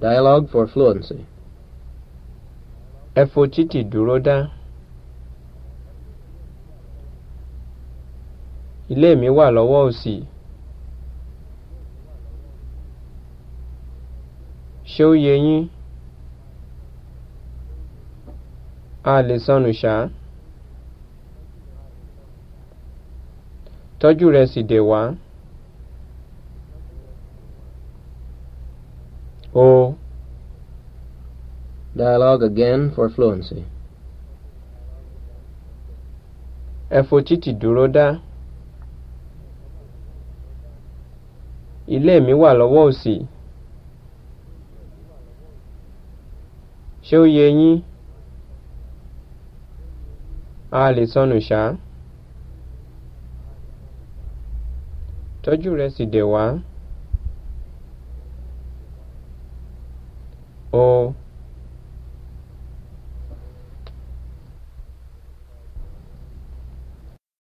Dialogue for fluency. Ẹ fo títì dúró dá. Ilé mi wà lọ́wọ́ òsì. Ṣé ó yé yín? A lè sọnù ṣá. Tọ́jú rẹ̀ sì dè wá. Oh. Dialogue again for fluency. Ẹ fo títì dúró dá. Ilé mi wà lọ́wọ́ òsì. Ṣé ó yé yín? A lè sọnù ṣá. Tọ́jú rẹ sì dẹ̀ wá. Oh.